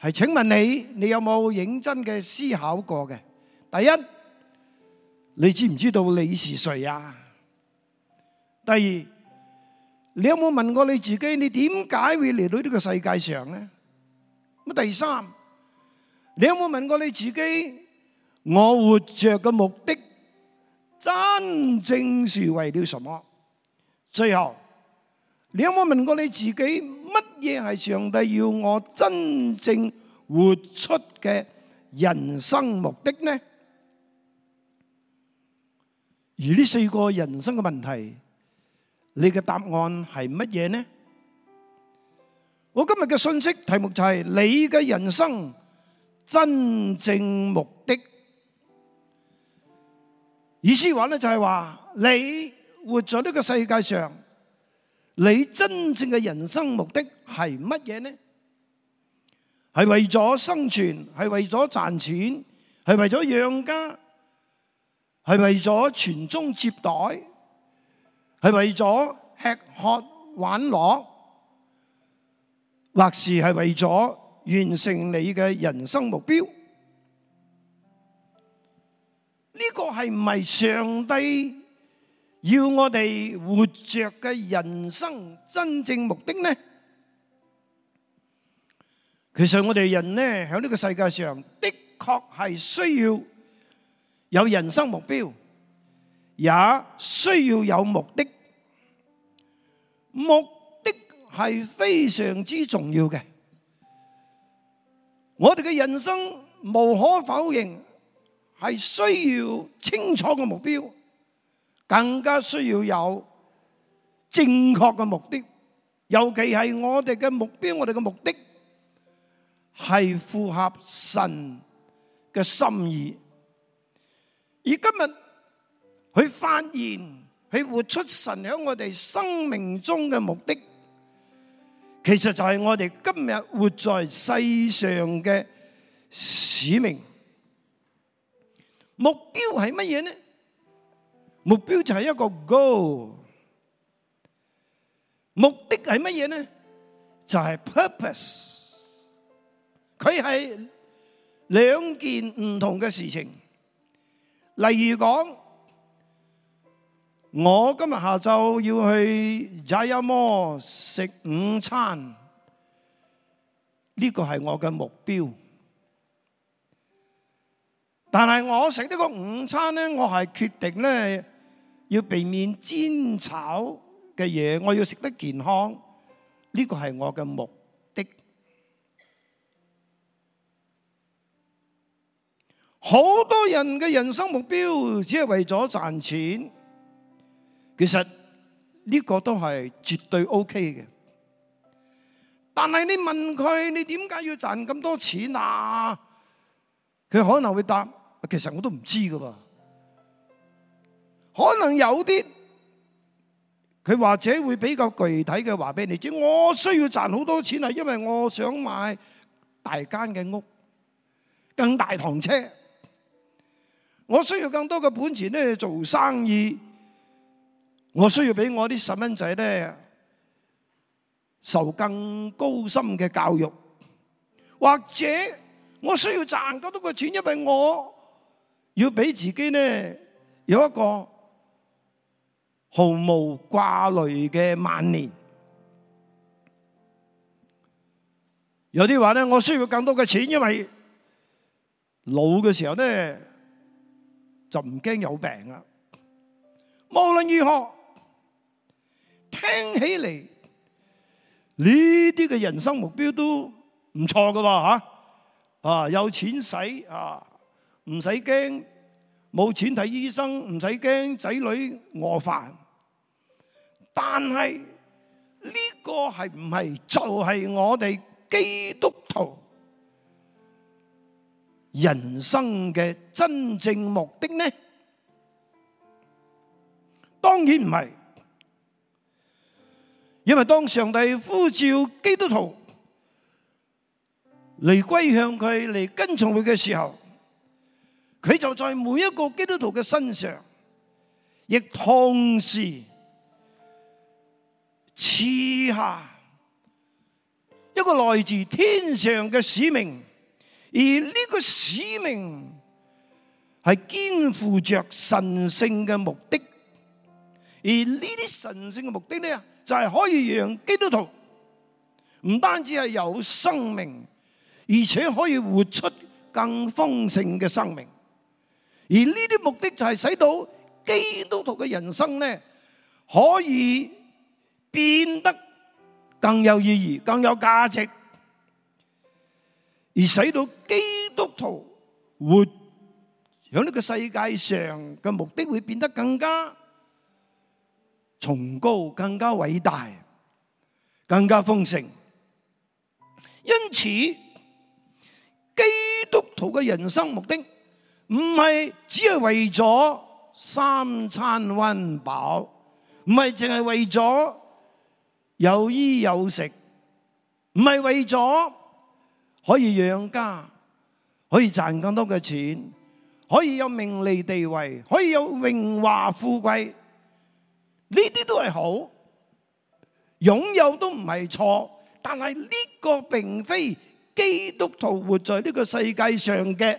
係，請問你，你有冇認真嘅思考過嘅？第一，你知唔知道你是誰啊？第二，你有冇問過你自己，你點解會嚟到呢個世界上呢？咁第三，你有冇問過你自己，我活着嘅目的真正是為了什麼？最後。你有冇問過你自己，乜嘢係上帝要我真正活出嘅人生目的呢？而呢四個人生嘅問題，你嘅答案係乜嘢呢？我今日嘅信息題目就係你嘅人生真正目的。意思話呢就係話你活在呢個世界上。你真正嘅人生目的係乜嘢呢？係為咗生存，係為咗賺錢，係為咗養家，係為咗傳宗接代，係為咗吃喝玩樂，或是係為咗完成你嘅人生目標？呢個係唔係上帝？要我哋活着嘅人生真正目的呢？其實我哋人呢，喺呢個世界上，的確係需要有人生目標，也需要有目的。目的係非常之重要嘅。我哋嘅人生，無可否認係需要清楚嘅目標。更加需要有正確嘅目的，尤其係我哋嘅目標，我哋嘅目的係符合神嘅心意。而今日去發現，去活出神喺我哋生命中嘅目的，其實就係我哋今日活在世上嘅使命。目標係乜嘢呢？目標就係一個 goal，目的係乜嘢呢？就係、是、purpose。佢係兩件唔同嘅事情。例如講，我今日下晝要去踩一摩食午餐，呢、這個係我嘅目標。但係我食呢個午餐呢，我係決定呢。要避免煎炒嘅嘢，我要食得健康，呢個係我嘅目的。好多人嘅人生目標只係為咗賺錢，其實呢個都係絕對 OK 嘅。但係你問佢，你點解要賺咁多錢啊？佢可能會答，其實我都唔知噶噃。可能有啲，佢或者會比較具體嘅話俾你知，我需要賺好多錢啊，因為我想買大間嘅屋，更大堂車，我需要更多嘅本錢咧做生意，我需要俾我啲細蚊仔咧受更高深嘅教育，或者我需要賺咁多嘅錢，因為我要俾自己咧有一個毫無掛慮嘅晚年，有啲話咧，我需要更多嘅錢，因為老嘅時候咧就唔驚有病啊。無論如何，聽起嚟呢啲嘅人生目標都唔錯噶，吓啊有錢使啊，唔使驚。冇錢睇醫生，唔使驚，仔女餓飯。但係呢個係唔係就係我哋基督徒人生嘅真正目的呢？當然唔係，因為當上帝呼召基督徒嚟歸向佢，嚟跟從佢嘅時候，佢就在每一個基督徒嘅身上，亦同時賜下一個來自天上嘅使命，而呢個使命係肩負着神聖嘅目的，而呢啲神聖嘅目的咧，就係可以讓基督徒唔單止係有生命，而且可以活出更豐盛嘅生命。而呢啲目的就係使到基督徒嘅人生呢，可以變得更有意義、更有價值，而使到基督徒活喺呢個世界上嘅目的會變得更加崇高、更加偉大、更加豐盛。因此，基督徒嘅人生目的。唔係只係為咗三餐溫飽，唔係淨係為咗有衣有食，唔係為咗可以養家，可以賺更多嘅錢，可以有名利地位，可以有榮華富貴，呢啲都係好，擁有都唔係錯。但係呢個並非基督徒活在呢個世界上嘅。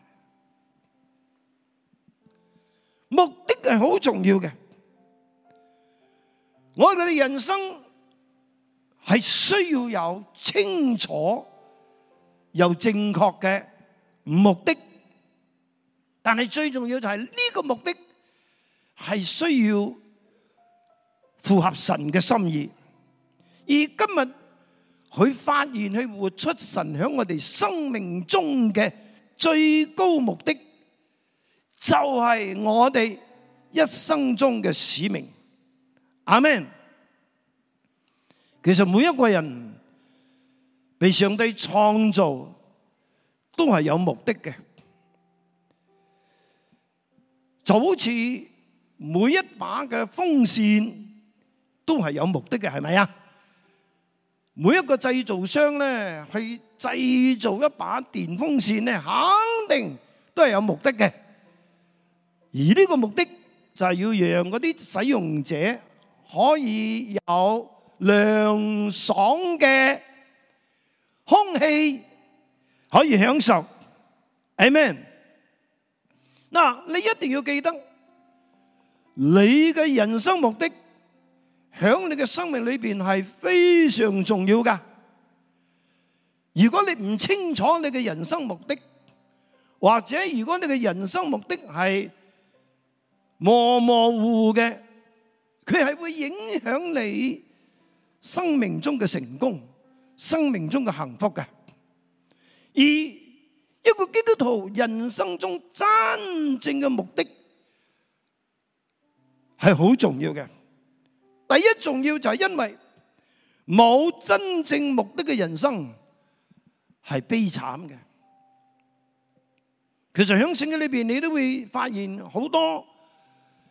目的係好重要嘅，我哋嘅人生係需要有清楚又正確嘅目的，但係最重要就係呢個目的係需要符合神嘅心意，而今日佢發現佢活出神響我哋生命中嘅最高目的。就係我哋一生中嘅使命，阿們。其實每一個人被上帝創造都係有目的嘅，就好似每一把嘅風扇都係有目的嘅，係咪啊？每一個製造商咧去製造一把電風扇咧，肯定都係有目的嘅。而呢個目的就係要讓嗰啲使用者可以有涼爽嘅空氣可以享受，Amen。嗱，你一定要記得，你嘅人生目的響你嘅生命裏邊係非常重要噶。如果你唔清楚你嘅人生目的，或者如果你嘅人生目的係，模模糊糊嘅，佢係會影響你生命中嘅成功、生命中嘅幸福嘅。而一個基督徒人生中真正嘅目的係好重要嘅。第一重要就係因為冇真正目的嘅人生係悲慘嘅。其實喺聖經裏邊，你都會發現好多。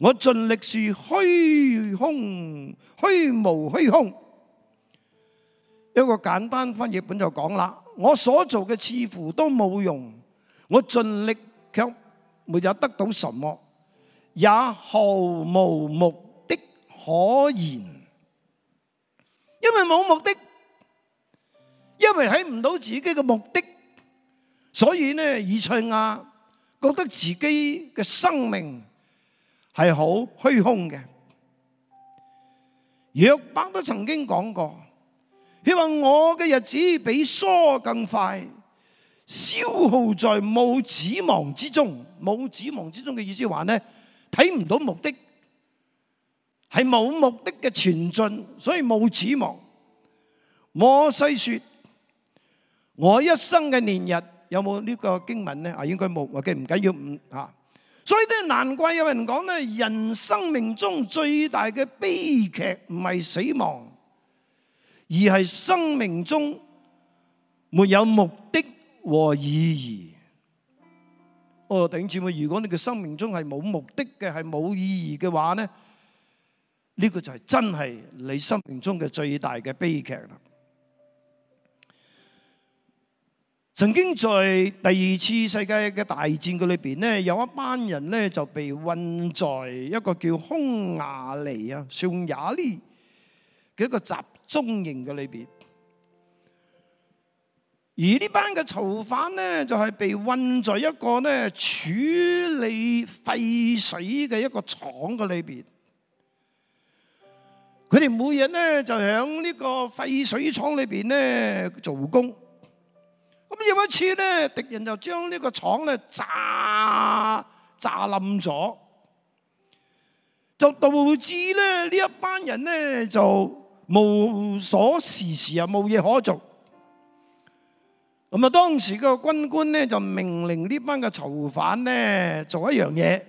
我盡力是虛空，虛無虛空。一個簡單翻譯本就講啦，我所做嘅似乎都冇用，我盡力卻沒有得到什麼，也毫無目的可言。因為冇目的，因為睇唔到自己嘅目的，所以呢，以賽亞，覺得自己嘅生命。係好虛空嘅。約伯都曾經講過，佢話我嘅日子比梭更快，消耗在冇指望之中。冇指望之中嘅意思話呢，睇唔到目的，係冇目的嘅前進，所以冇指望。我細說，我一生嘅年日有冇呢個經文呢？啊，應該冇，我記唔緊要，吓。所以都係難怪有人講咧，人生命中最大嘅悲劇唔係死亡，而係生命中沒有目的和意義。哦，頂住我！如果你嘅生命中係冇目的嘅，係冇意義嘅話咧，呢、呢個就係真係你生命中嘅最大嘅悲劇啦。曾經在第二次世界嘅大戰嘅裏邊，有一班人咧，就被困在一個叫匈牙利啊、匈牙利嘅一個集中營嘅裏邊。而呢班嘅囚犯咧，就係被困在一個咧處理廢水嘅一個廠嘅裏邊。佢哋每日咧就喺呢個廢水廠裏邊咧做工。咁有一次咧，敵人就將呢個廠咧炸炸冧咗，就導致咧呢一班人咧就無所事事又冇嘢可做。咁啊，當時個軍官咧就命令呢班嘅囚犯咧做一樣嘢，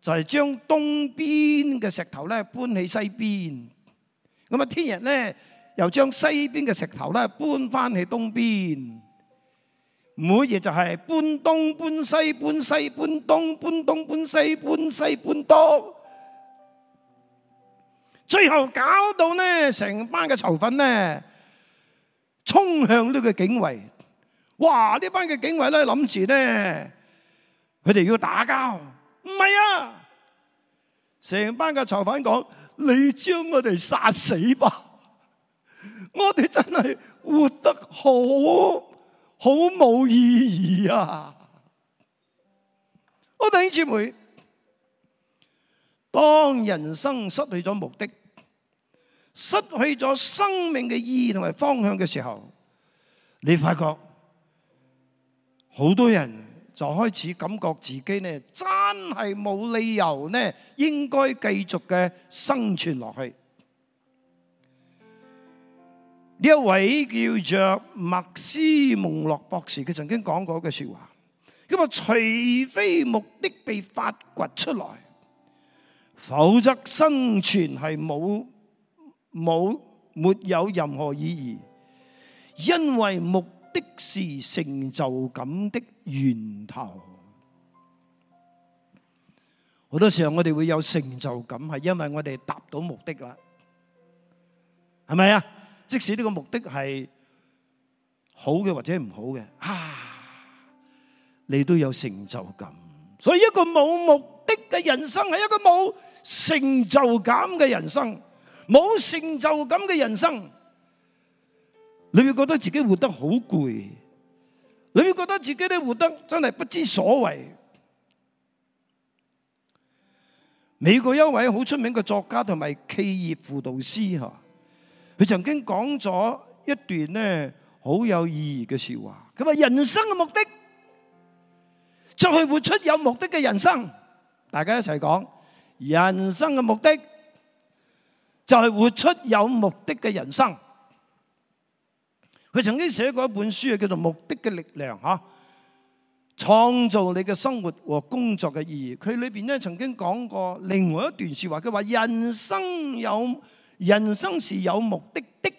就係將東邊嘅石頭咧搬起西邊。咁啊，聽日咧。又將西邊嘅石頭咧搬翻去東邊，每嘢就係搬東搬西搬西搬東搬東搬西搬西搬東，最後搞到呢成班嘅囚犯呢衝向呢個警衛，哇！這班的呢班嘅警衛咧諗住咧，佢哋要打交。唔係啊，成班嘅囚犯講：你將我哋殺死吧！我哋真係活得好，好冇意義啊！我弟兄姊妹，當人生失去咗目的，失去咗生命嘅意義同埋方向嘅時候，你發覺好多人就開始感覺自己呢，真係冇理由呢，應該繼續嘅生存落去。呢一位叫做麥斯蒙洛博士，佢曾經講過一句說話，咁啊，除非目的被發掘出來，否則生存係冇冇沒有任何意義，因為目的是成就感的源頭。好多時候我哋會有成就感，係因為我哋達到目的啦，係咪啊？即使呢個目的係好嘅，或者唔好嘅，啊，你都有成就感。所以一個冇目的嘅人生係一個冇成就感嘅人生，冇成就感嘅人生，你會覺得自己活得好攰，你會覺得自己咧活得真係不知所謂。美國一位好出名嘅作家同埋企業輔導師，佢曾經講咗一段咧好有意義嘅說話，佢話人生嘅目的就係活出有目的嘅人生，大家一齊講，人生嘅目的就係活出有目的嘅人生。佢曾經寫過一本書叫做《目的嘅力量》吓，創造你嘅生活和工作嘅意義。佢裏邊咧曾經講過另外一段說話，佢話人生有。人生是有目的的，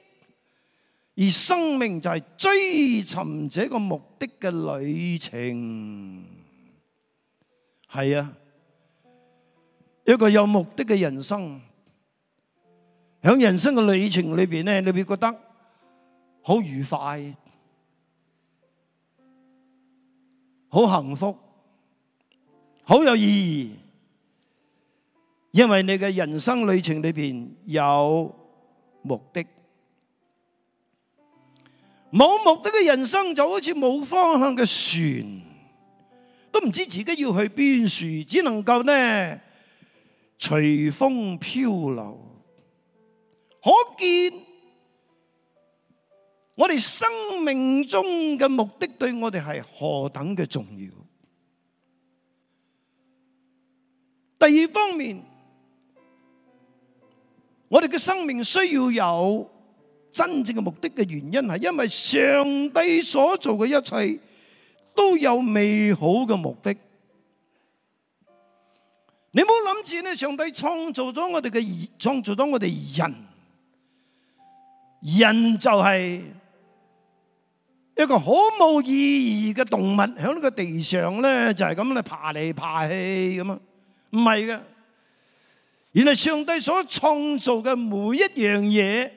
而生命就係追尋這個目的嘅旅程。係啊，一個有目的嘅人生，響人生嘅旅程裏邊咧，你會覺得好愉快、好幸福、好有意義。因為你嘅人生旅程裏邊有目的。冇目的嘅人生就好似冇方向嘅船，都唔知自己要去邊處，只能夠呢隨風漂流。可見我哋生命中嘅目的對我哋係何等嘅重要。第二方面。我哋嘅生命需要有真正嘅目的嘅原因係因為上帝所做嘅一切都有美好嘅目的。你唔好諗住咧，上帝創造咗我哋嘅，創造咗我哋人，人就係一個好冇意義嘅動物響呢個地上咧，就係咁樣爬嚟爬去咁啊，唔係嘅。原來上帝所創造嘅每一樣嘢，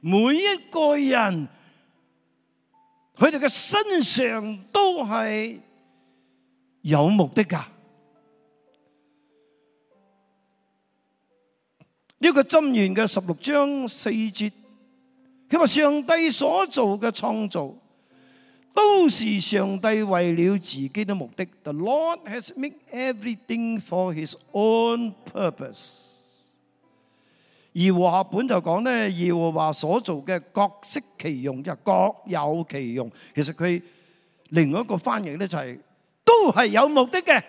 每一個人，佢哋嘅身上都係有目的噶。呢個箴言嘅十六章四節，佢話上帝所做嘅創造，都是上帝為了自己嘅目的。The Lord has made everything for His own purpose. 耶和華本就講咧，耶和華所做嘅各適其用，就各有其用。其實佢另一個翻譯咧，就係都係有目的嘅。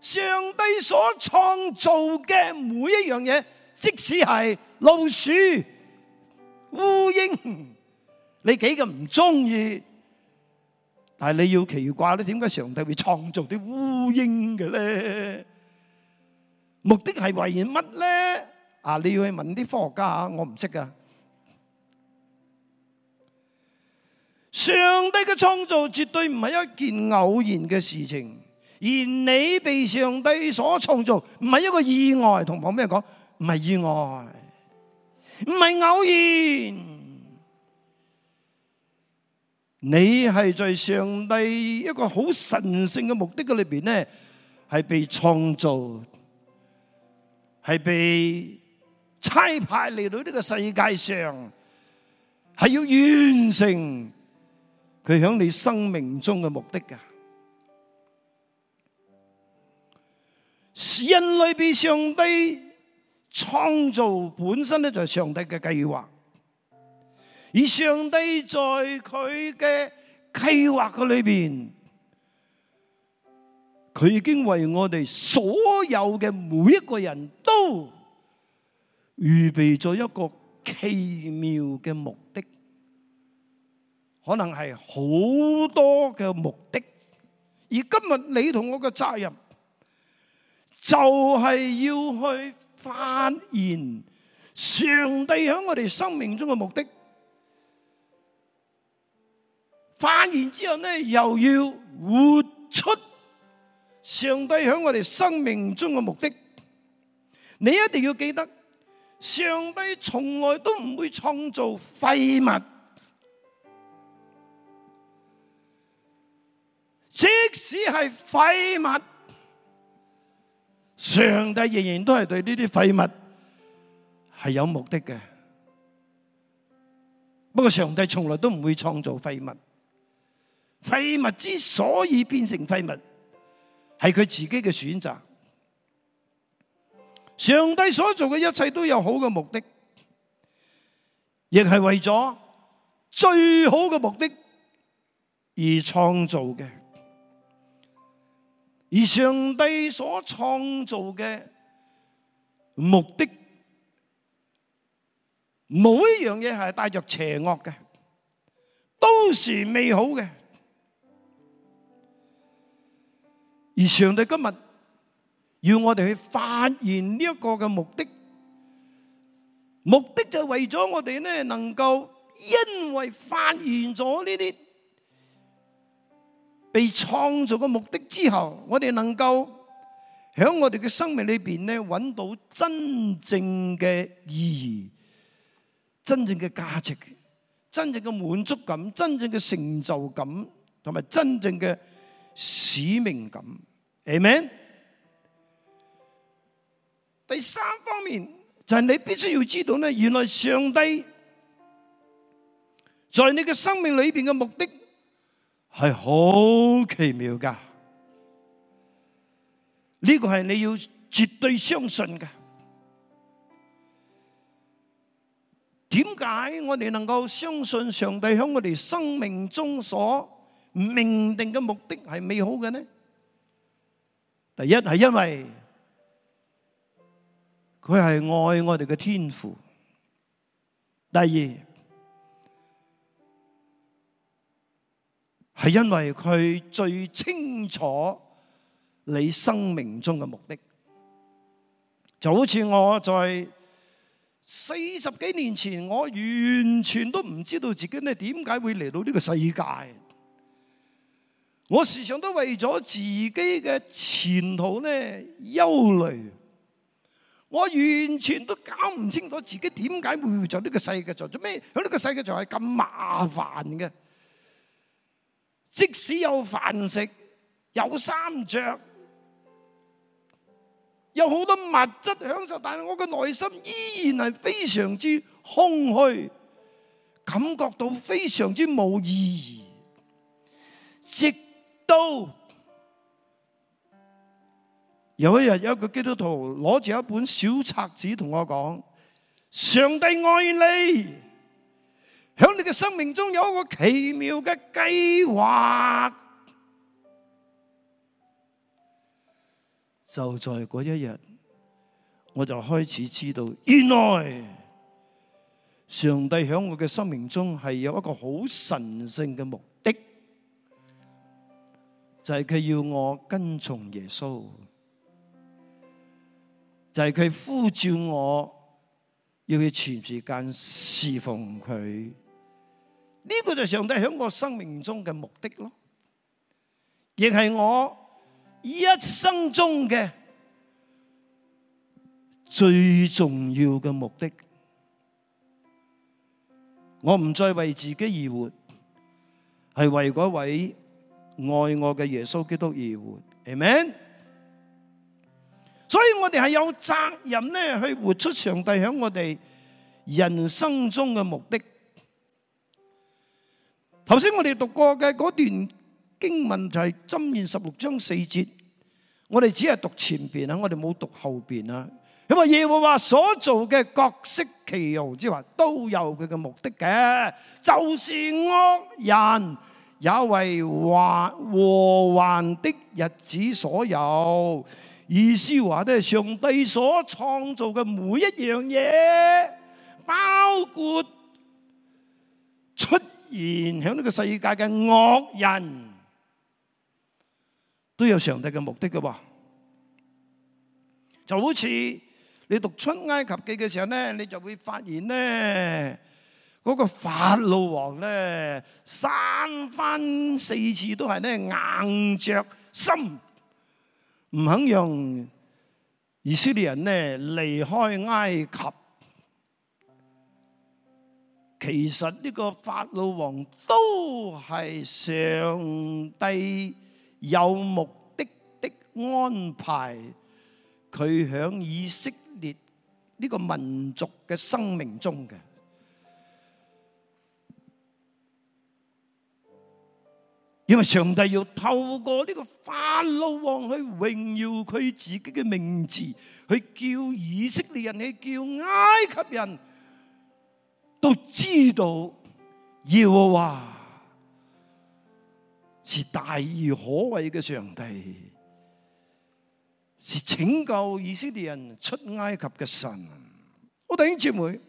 上帝所創造嘅每一樣嘢，即使係老鼠、烏蠅，你幾咁唔鍾意，但係你要奇怪咧，點解上帝會創造啲烏蠅嘅咧？目的係為乜咧？啊！你要去問啲科學家啊，我唔識㗎。上帝嘅創造絕對唔係一件偶然嘅事情，而你被上帝所創造，唔係一個意外。同旁邊人講，唔係意外，唔係偶然。你係在上帝一個好神聖嘅目的嘅裏邊咧，係被創造，係被。差派嚟到呢個世界上，係要完成佢喺你生命中嘅目的噶。人類被上帝創造本身咧就係上帝嘅計劃，而上帝在佢嘅計劃裏邊，佢已經為我哋所有嘅每一個人都。預備咗一個奇妙嘅目的，可能係好多嘅目的，而今日你同我嘅責任，就係要去發現上帝喺我哋生命中嘅目的。發現之後呢，又要活出上帝喺我哋生命中嘅目的。你一定要記得。上帝從來都唔會創造廢物，即使係廢物，上帝仍然都係對呢啲廢物係有目的嘅。不過上帝從來都唔會創造廢物，廢物之所以變成廢物，係佢自己嘅選擇。上帝所做嘅一切都有好嘅目的，亦係為咗最好嘅目的而創造嘅。而上帝所創造嘅目的，每一樣嘢係帶着邪惡嘅，都是美好嘅。而上帝今日。要我哋去發現呢一個嘅目的，目的就係為咗我哋咧能夠，因為發現咗呢啲被創造嘅目的之後，我哋能夠喺我哋嘅生命裏邊咧揾到真正嘅意義、真正嘅價值、真正嘅滿足感、真正嘅成就感，同埋真正嘅使命感。amen。第三方面就係你必須要知道呢，原來上帝在你嘅生命裏邊嘅目的係好奇妙噶呢個係你要絕對相信噶點解我哋能夠相信上帝喺我哋生命中所命定嘅目的係美好嘅呢？第一係因為。佢係愛我哋嘅天父。第二，係因為佢最清楚你生命中嘅目的，就好似我在四十幾年前，我完全都唔知道自己呢點解會嚟到呢個世界，我時常都為咗自己嘅前途呢憂慮。我完全都搞唔清楚自己點解會喺呢個世界上做咩？喺呢個世界上係咁麻煩嘅。即使有飯食，有衫著，有好多物質享受，但係我嘅內心依然係非常之空虛，感覺到非常之冇意義。直到有一日，有一個基督徒攞住一本小冊子，同我講：上帝愛你，響你嘅生命中有一個奇妙嘅計劃。就在嗰一日，我就開始知道，原來上帝響我嘅生命中係有一個好神聖嘅目的，就係佢要我跟從耶穌。就係、是、佢呼召我，要去全時間侍奉佢。呢、這個就是上帝喺我生命中嘅目的咯，亦係我一生中嘅最重要嘅目的。我唔再為自己而活，係為嗰位愛我嘅耶穌基督而活。amen 所以我哋係有責任咧，去活出上帝喺我哋人生中嘅目的。頭先我哋讀過嘅嗰段經文就係箴言十六章四節，我哋只係讀前邊啊，我哋冇讀後邊啊。因為，耶和華所做嘅各適其用，即係話都有佢嘅目的嘅，就是惡人也為禍禍患的日子所有。意思話咧，上帝所創造嘅每一樣嘢，包括出現喺呢個世界嘅惡人，都有上帝嘅目的㗎喎。就好似你讀出埃及記嘅時候咧，你就會發現咧，嗰個法老王咧，三番四次都係咧硬着心，唔肯讓以色列人呢，離開埃及，其實呢個法老王都係上帝有目的的安排，佢喺以色列呢個民族嘅生命中嘅。因為上帝要透過呢個法老王去榮耀佢自己嘅名字，去叫以色列人，去叫埃及人，都知道耶和華，是大而可畏嘅上帝，是拯救以色列人出埃及嘅神。我、哦、弟兄姐妹，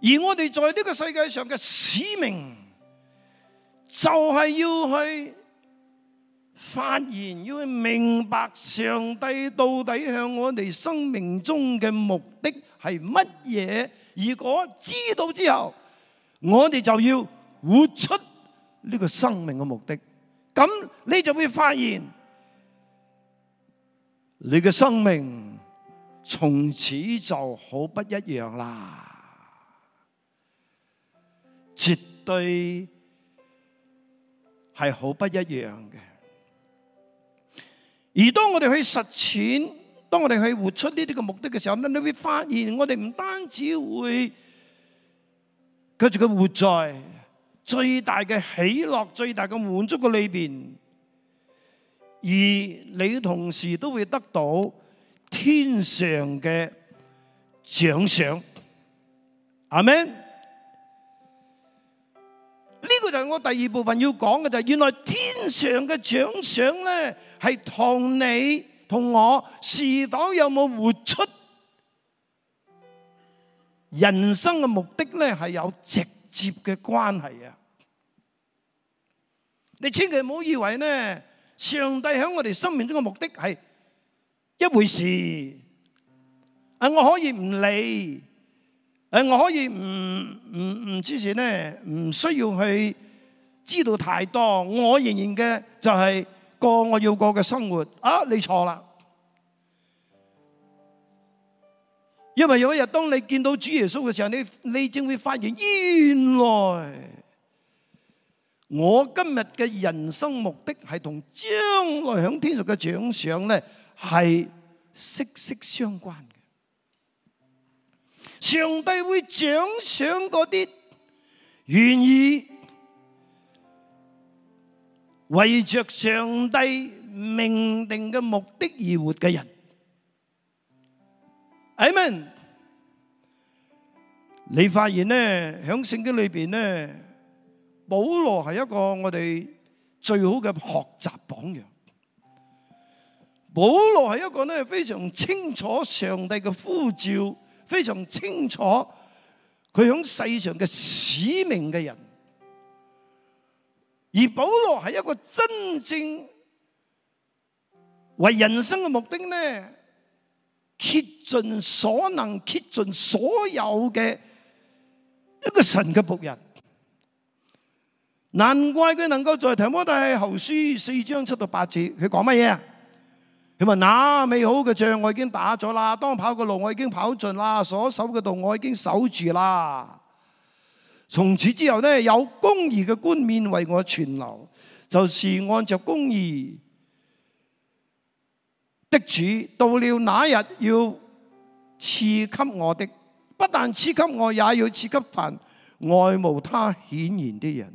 而我哋在呢個世界上嘅使命，就係要去發現，要去明白上帝到底向我哋生命中嘅目的係乜嘢。如果知道之後，我哋就要活出呢個生命嘅目的。咁你就會發現，你嘅生命從此就好不一樣啦，絕對。係好不一樣嘅，而當我哋去實踐，當我哋去活出呢啲嘅目的嘅時候，你都會發現，我哋唔單止會跟住佢活在最大嘅喜樂、最大嘅滿足嘅裏邊，而你同時都會得到天上嘅獎賞。阿門。我第二部分要講嘅就係，原來天上嘅獎賞咧，係同你同我是否有冇活出人生嘅目的咧，係有直接嘅關係啊！你千祈唔好以為咧，上帝喺我哋生命中嘅目的係一回事，誒，我可以唔理，誒，我可以唔唔唔支持咧唔需要去。知道太多，我仍然嘅就係過我要過嘅生活。啊，你錯啦！因為有一日當你見到主耶穌嘅時候，你你正會發現，原來我今日嘅人生目的係同將來響天上嘅獎賞呢係息息相關嘅。上帝會獎賞嗰啲願意。為着上帝命定嘅目的而活嘅人，Amen。你發現咧，喺聖經裏邊咧，保羅係一個我哋最好嘅學習榜樣。保羅係一個咧非常清楚上帝嘅呼召，非常清楚佢喺世上嘅使命嘅人。而保羅係一個真正為人生嘅目的呢，竭盡所能、竭盡所有嘅一個神嘅僕人。難怪佢能夠在提摩太後書四章七到八節，佢講乜嘢？佢問：嗱，美好嘅仗我已經打咗啦，當跑嘅路我已經跑盡啦，所守嘅道我已經守住啦。從此之後呢，有公義嘅冠冕為我存留，就是按照公義的主，到了那日要賜給我的，不但賜給我，也要賜給凡愛慕他顯現的人。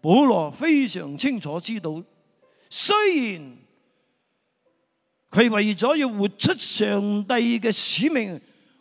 保羅非常清楚知道，雖然佢為咗要活出上帝嘅使命。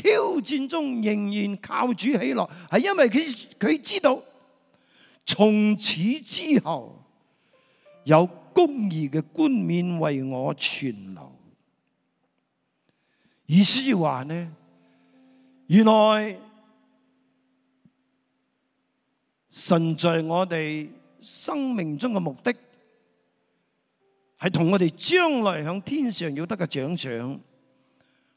挑戰中仍然靠主喜樂，係因為佢佢知道從此之後有公義嘅冠冕為我存留。意思話呢，原來神在我哋生命中嘅目的係同我哋將來響天上要得嘅獎賞。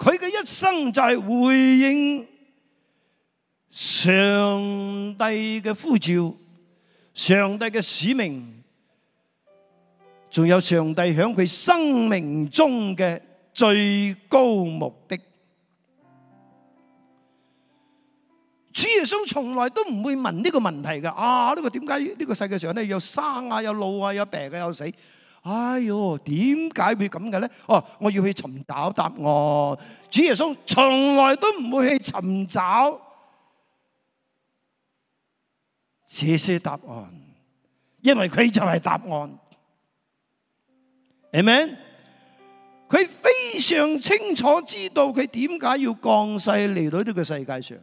佢嘅一生就係回應上帝嘅呼召，上帝嘅使命，仲有上帝響佢生命中嘅最高目的。主耶穌從來都唔會問呢個問題嘅。啊，呢、呢個點解呢個世界上咧有生啊，有老啊，有病嘅、啊，有死？哎喲，點解會咁嘅咧？哦，我要去尋找答案。主耶穌從來都唔會去尋找這些答案，因為佢就係答案，Amen？佢非常清楚知道佢點解要降世嚟到呢個世界上，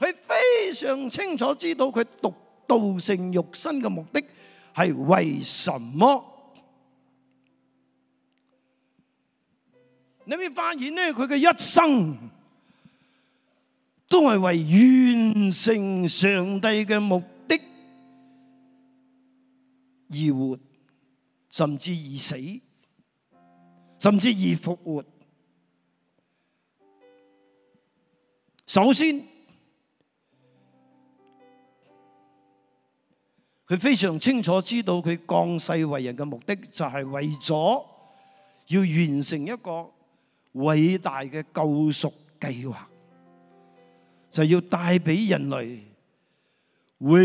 佢非常清楚知道佢讀。道成肉身嘅目的係為什麼？你會發現咧，佢嘅一生都係為完成上帝嘅目的而活，甚至而死，甚至而復活。首先。佢非常清楚知道佢降世為人嘅目的就係為咗要完成一個偉大嘅救贖計劃，就要帶俾人類永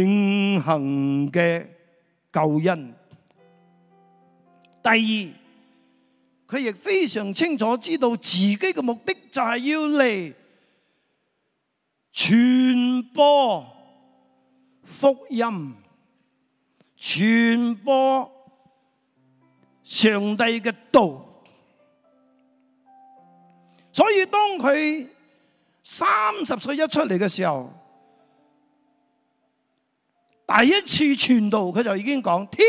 恆嘅救恩。第二，佢亦非常清楚知道自己嘅目的就係要嚟傳播福音。傳播上帝嘅道，所以當佢三十歲一出嚟嘅時候，第一次傳道，佢就已經講天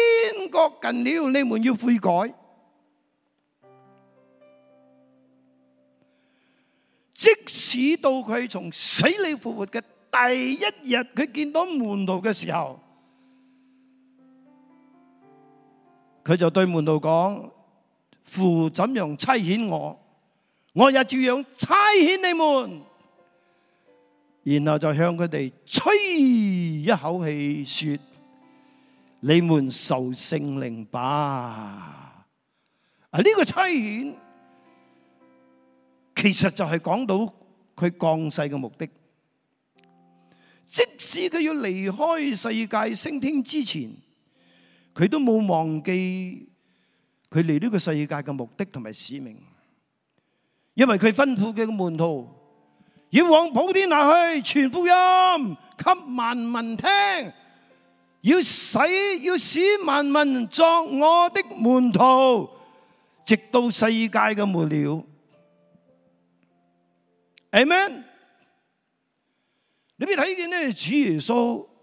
國近了，你們要悔改。即使到佢從死裏復活嘅第一日，佢見到門徒嘅時候。佢就對門徒講：父怎樣差遣我，我也照樣差遣你們。然後就向佢哋吹一口氣，說：你們受聖靈吧。啊，呢個差遣其實就係講到佢降世嘅目的。即使佢要離開世界升天之前。佢都冇忘記佢嚟呢個世界嘅目的同埋使命，因為佢吩咐嘅門徒要往普天下去傳福音，給萬民聽，要使要使萬民作我的門徒，直到世界嘅末了。阿門。你咪睇見呢？主耶穌。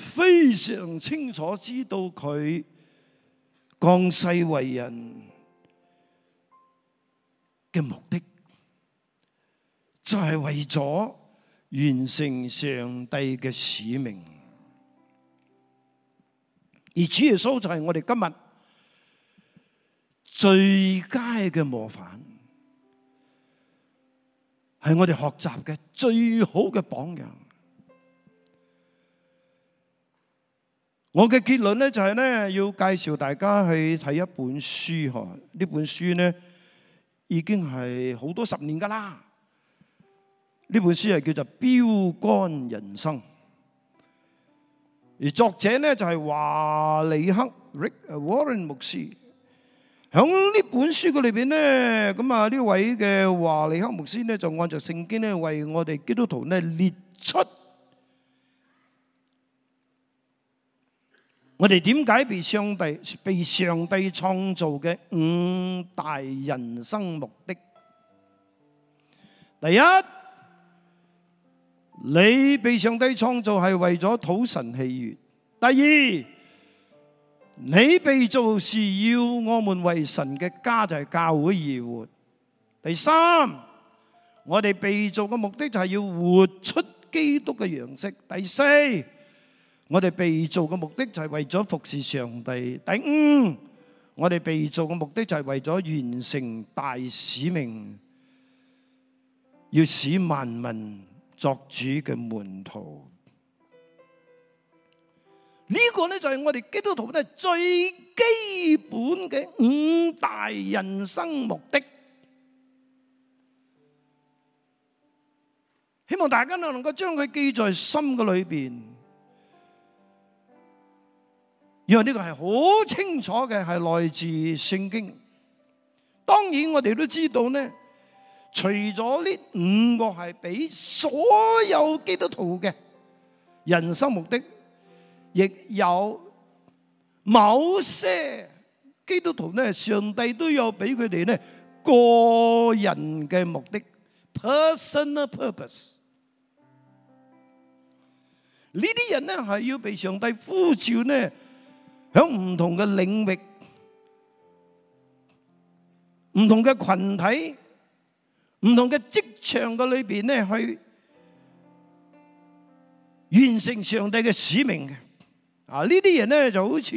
非常清楚知道佢降世為人嘅目的，就係為咗完成上帝嘅使命。而主耶穌就係我哋今日最佳嘅模範，係我哋學習嘅最好嘅榜樣。我嘅結論咧就係咧要介紹大家去睇一本書嗬，呢本書咧已經係好多十年噶啦。呢本書係叫做《標杆人生》，而作者咧就係華理克 （Rick Warren） 牧師。響呢本書嘅裏邊咧，咁啊呢位嘅華理克牧師咧就按照聖經咧為我哋基督徒咧列出。我哋點解被上帝被上帝創造嘅五大人生目的？第一，你被上帝創造係為咗討神喜悅；第二，你被造是要我們為神嘅家就係教會而活；第三，我哋被造嘅目的就係要活出基督嘅樣式；第四。我哋被造嘅目的就係為咗服侍上帝，頂。我哋被造嘅目的就係為咗完成大使命，要使萬民作主嘅門徒。呢個咧就係我哋基督徒嘅最基本嘅五大人生目的。希望大家都能夠將佢記在心嘅裏邊。因為呢個係好清楚嘅，係來自聖經。當然我哋都知道咧，除咗呢五個係俾所有基督徒嘅人生目的，亦有某些基督徒咧，上帝都有俾佢哋咧個人嘅目的 （personal purpose）。呢啲人咧係要被上帝呼召咧。喺唔同嘅領域、唔同嘅群體、唔同嘅職場嘅裏邊咧，去完成上帝嘅使命嘅。啊，呢啲人咧就好似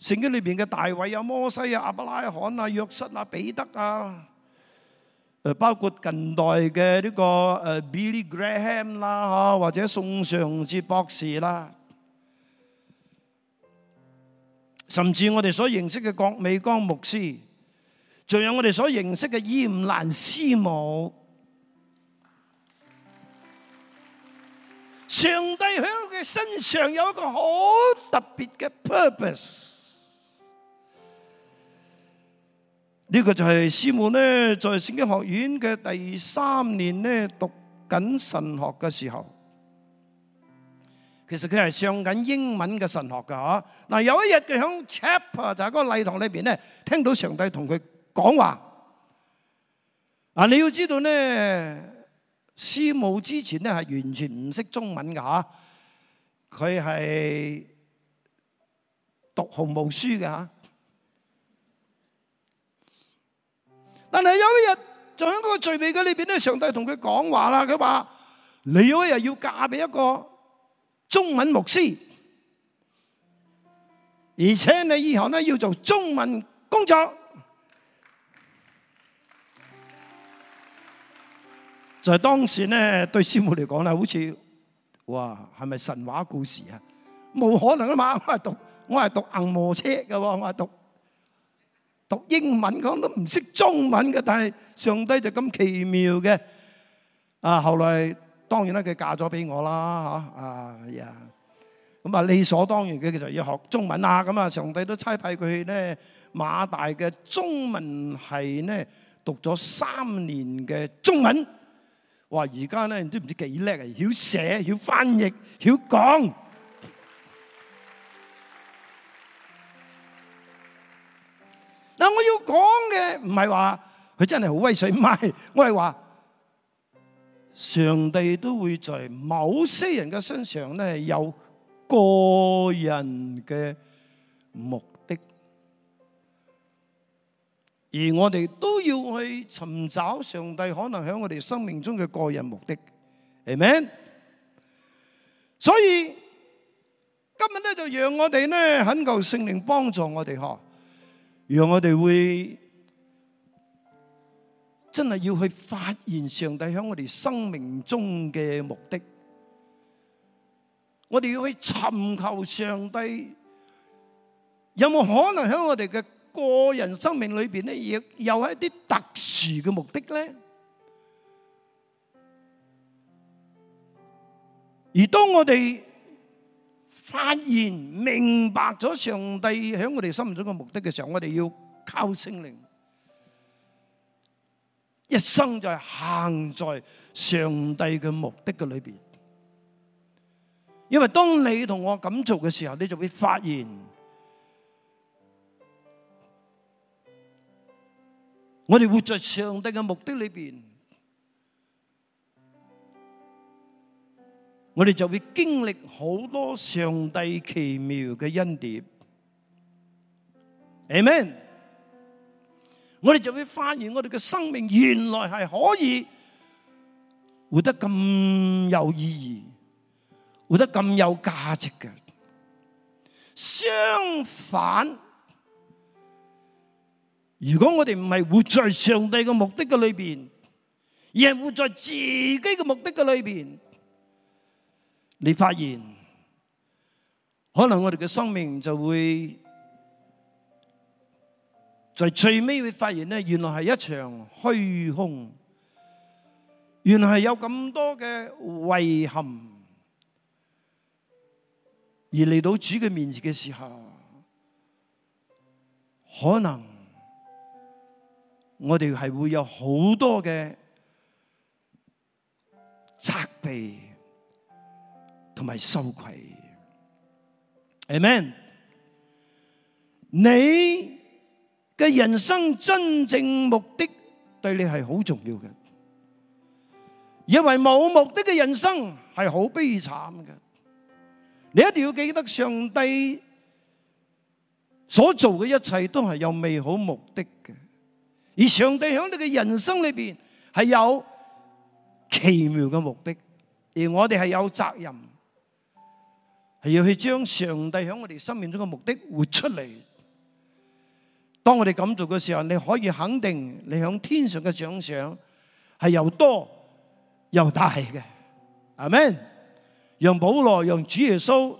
聖經裏邊嘅大衛啊、摩西啊、亞伯拉罕啊、約瑟啊、彼得啊，誒，包括近代嘅呢個誒 Billy Graham 啦，或者宋尚節博士啦。甚至我哋所認識嘅郭美光牧師，仲有我哋所認識嘅燕蘭師母， 上帝喺佢身上有一個好特別嘅 purpose。呢、這個就係師母咧，在聖經學院嘅第三年咧，讀緊神學嘅時候。其實佢係上緊英文嘅神學噶吓。嗱，有一日佢響 chapter 就喺嗰個禮堂裏邊咧，聽到上帝同佢講話。嗱，你要知道咧，師母之前咧係完全唔識中文噶吓，佢係讀紅毛書嘅吓。但係有一日，就喺嗰個聚會嘅裏邊咧，上帝同佢講話啦。佢話：你有一日要嫁俾一個中文牧師，而且你以後咧要做中文工作，就係當時咧對師母嚟講咧，好似哇係咪神話故事啊？冇可能啊嘛！我係讀我係讀硬磨車嘅喎，我係讀讀英文，講都唔識中文嘅，但係上帝就咁奇妙嘅啊！後來。當然啦，佢嫁咗俾我啦嚇啊呀！咁、yeah、啊理所當然，佢其實就要學中文啊！咁啊，上帝都差派佢去呢馬大嘅中文系呢讀咗三年嘅中文。哇而家咧都唔知幾叻啊！要寫，要翻譯，要講。 但我要講嘅唔係話佢真係好威水，唔係，我係話。上帝都會在某些人嘅身上咧有個人嘅目的，而我哋都要去尋找上帝可能喺我哋生命中嘅個人目的，係咪？所以今日咧就讓我哋咧懇求聖靈幫助我哋嗬，讓我哋會。真係要去發現上帝喺我哋生命中嘅目的，我哋要去尋求上帝。有冇可能喺我哋嘅個人生命裏邊咧，亦有係一啲特殊嘅目的咧？而當我哋發現明白咗上帝喺我哋生命中嘅目的嘅時候，我哋要靠聖靈。一生就係行在上帝嘅目的嘅裏邊，因為當你同我咁做嘅時候，你就會發現，我哋活在上帝嘅目的裏邊，我哋就會經歷好多上帝奇妙嘅恩典。Amen。我哋就會發現，我哋嘅生命原來係可以活得咁有意義，活得咁有價值嘅。相反，如果我哋唔係活在上帝嘅目的嘅裏邊，而係活在自己嘅目的嘅裏邊，你發現可能我哋嘅生命就會。在最尾會發現呢，原來係一場虛空，原來係有咁多嘅遺憾，而嚟到主嘅面前嘅時候，可能我哋係會有好多嘅責備同埋羞愧。Amen。你嘅人生真正目的對你係好重要嘅，因為冇目的嘅人生係好悲慘嘅。你一定要記得，上帝所做嘅一切都係有美好目的嘅，而上帝喺你嘅人生裏邊係有奇妙嘅目的，而我哋係有責任，係要去將上帝喺我哋生命中嘅目的活出嚟。當我哋咁做嘅時候，你可以肯定你響天上嘅獎賞係又多又大嘅，阿們。讓保羅、讓主耶穌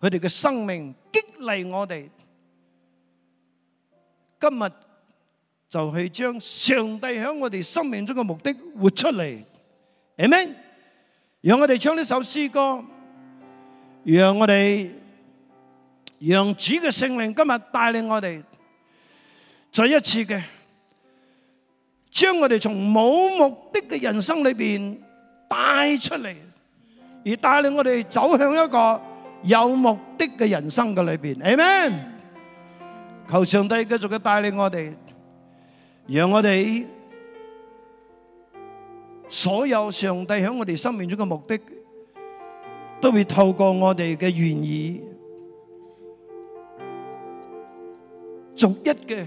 佢哋嘅生命激勵我哋，今日就去將上帝響我哋生命中嘅目的活出嚟。阿們，讓我哋唱呢首詩歌，讓我哋讓主嘅聖靈今日帶領我哋。再一次嘅，將我哋從冇目的嘅人生裏邊帶出嚟，而帶領我哋走向一個有目的嘅人生嘅裏邊。阿門！求上帝繼續嘅帶領我哋，讓我哋所有上帝喺我哋生命中嘅目的，都會透過我哋嘅願意，逐一嘅。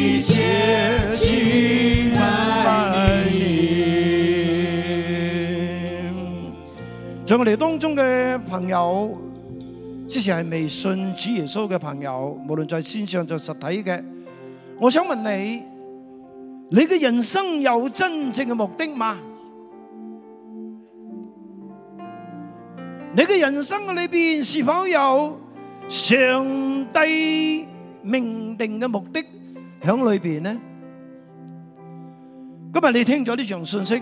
在我哋當中嘅朋友，之前係未信主耶穌嘅朋友，無論在線上就實體嘅，我想問你：你嘅人生有真正嘅目的嗎？你嘅人生嘅裏邊是否有上帝命定嘅目的響裏邊呢？今日你聽咗呢場信息，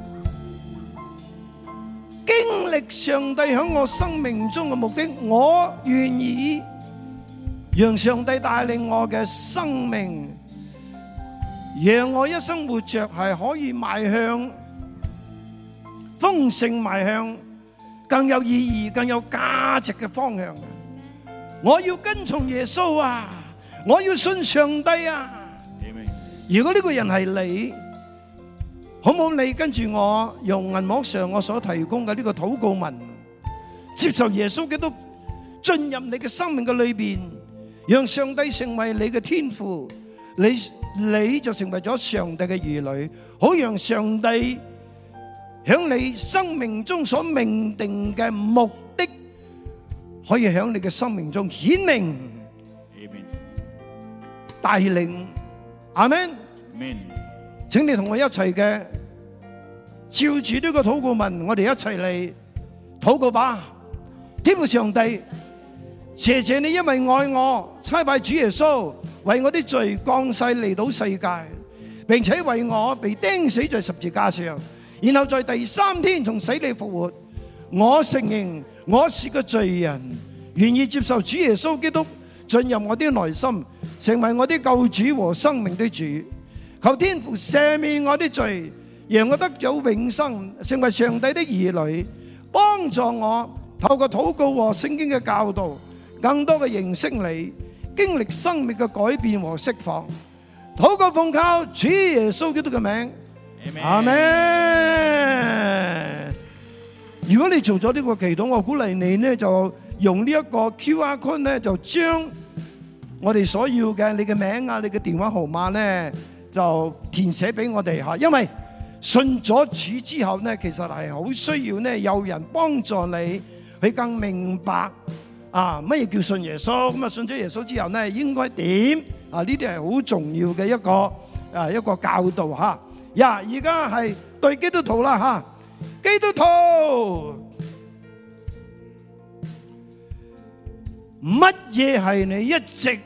經歷上帝響我生命中嘅目的，我願意讓上帝帶領我嘅生命，讓我一生活著係可以邁向豐盛、邁向更有意義、更有價值嘅方向。我要跟從耶穌啊！我要信上帝啊！如果呢個人係你？好唔好？你跟住我，用銀幕上我所提供嘅呢個禱告文，接受耶穌基督進入你嘅生命嘅裏邊，讓上帝成為你嘅天父，你你就成為咗上帝嘅兒女，好讓上帝響你生命中所命定嘅目的，可以響你嘅生命中顯明、帶領。阿門。請你同我一齊嘅，照住呢個禱告文，我哋一齊嚟禱告吧。天父上帝，謝謝你因為愛我，差派主耶穌為我啲罪降世嚟到世界，並且為我被釘死在十字架上，然後在第三天從死裏復活。我承認我是個罪人，願意接受主耶穌基督進入我啲內心，成為我啲救主和生命的主。求天父赦免我的罪，讓我得咗永生，成為上帝的兒女。幫助我透過禱告和聖經嘅教導，更多嘅認識你，經歷生命嘅改變和釋放。禱告奉靠主耶穌基督嘅名，阿門。如果你做咗呢個祈禱，我鼓勵你呢，就用呢一個 QR code 呢，就將我哋所要嘅你嘅名啊，你嘅電話號碼呢。就填寫俾我哋吓，因為信咗主之後呢，其實係好需要呢，有人幫助你，去更明白啊乜嘢叫信耶穌。咁啊，信咗耶穌之後呢，應該點啊？呢啲係好重要嘅一個啊一個教導吓。呀，而家係對基督徒啦吓，基督徒乜嘢係你一直？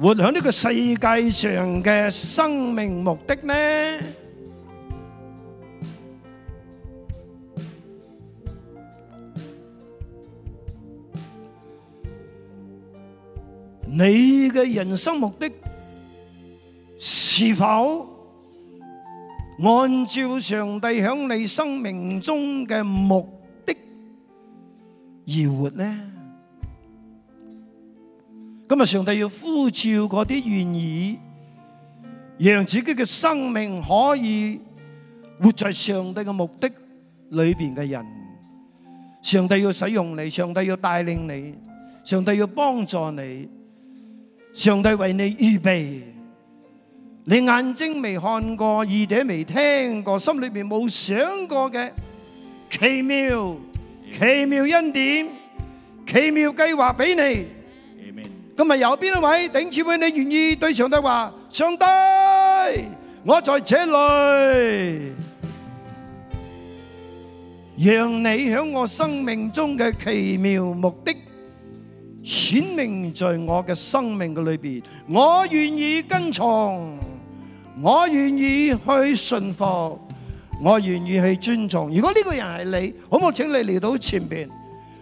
活響呢個世界上嘅生命目的呢？你嘅人生目的是否按照上帝響你生命中嘅目的而活呢？今日上帝要呼召嗰啲願意讓自己嘅生命可以活在上帝嘅目的裏邊嘅人，上帝要使用你，上帝要帶領你，上帝要幫助你，上帝為你預備，你眼睛未看過、耳朵未聽過、心裏邊冇想過嘅奇妙、奇妙恩典、奇妙計劃俾你。今日有邊一位頂住位？你願意對上帝話：上帝，我在這裏，讓你響我生命中嘅奇妙目的顯明在我嘅生命嘅裏邊。我願意跟從，我願意去信服，我願意去尊重。如果呢個人係你，好唔好？請你嚟到前面。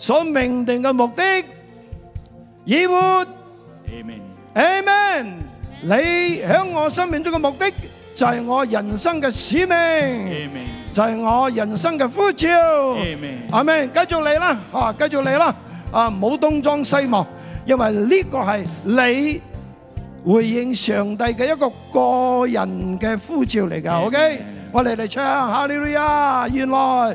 所命定嘅目的，以活。阿門，你響我生命中嘅目的就係我人生嘅使命，就係我人生嘅呼召。阿門，繼續嚟啦，啊，繼續嚟啦，啊，唔好東張西望，因為呢個係你回應上帝嘅一個個人嘅呼召嚟㗎。OK，我哋嚟唱哈利路亞，原來。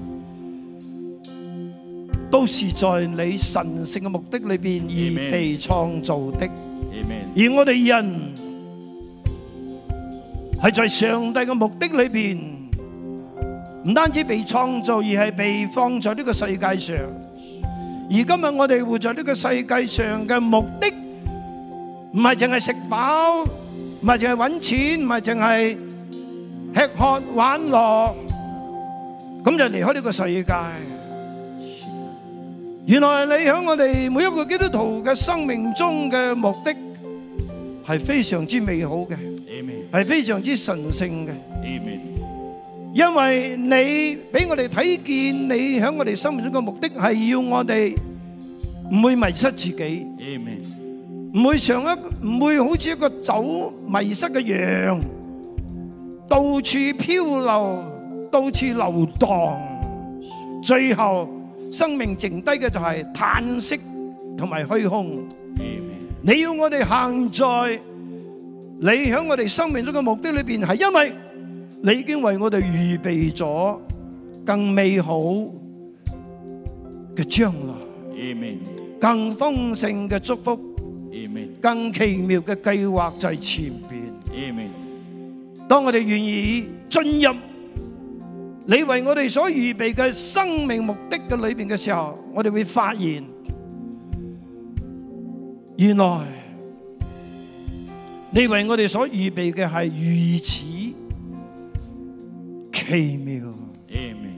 都是在你神聖嘅目的裏邊而被創造的，而我哋人係在上帝嘅目的裏邊，唔單止被創造，而係被放在呢個世界上。而今日我哋活在呢個世界上嘅目的，唔係淨係食飽，唔係淨係搵錢，唔係淨係吃喝玩樂，咁就離開呢個世界。原來你喺我哋每一個基督徒嘅生命中嘅目的係非常之美好嘅，係非常之神聖嘅。因為你俾我哋睇見你喺我哋生命中嘅目的係要我哋唔會迷失自己，唔會像一唔會好似一個走迷失嘅羊，到處漂流，到處流蕩，最後。生命剩低嘅就係嘆息同埋虛空。你要我哋行在你響我哋生命中嘅目的裏邊，係因為你已經為我哋預備咗更美好嘅將來，更豐盛嘅祝福，更奇妙嘅計劃就係前邊。當我哋願意進入。你為我哋所預備嘅生命目的嘅裏邊嘅時候，我哋會發現，原來你為我哋所預備嘅係如此奇妙，Amen，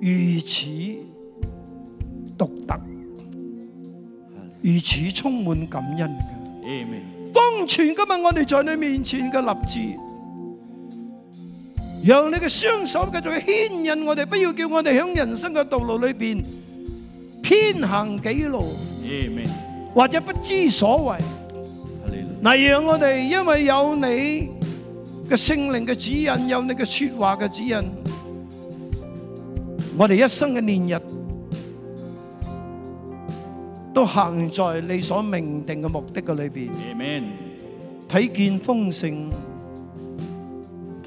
如此獨特，如此充滿感恩嘅。阿門。成全今日我哋在你面前嘅立志。讓你嘅雙手繼續牽引我哋，不要叫我哋喺人生嘅道路裏邊偏行己路，或者不知所謂。嗱，讓我哋因為有你嘅聖靈嘅指引，有你嘅說話嘅指引，我哋一生嘅年日都行在你所命定嘅目的嘅裏邊。睇見豐盛。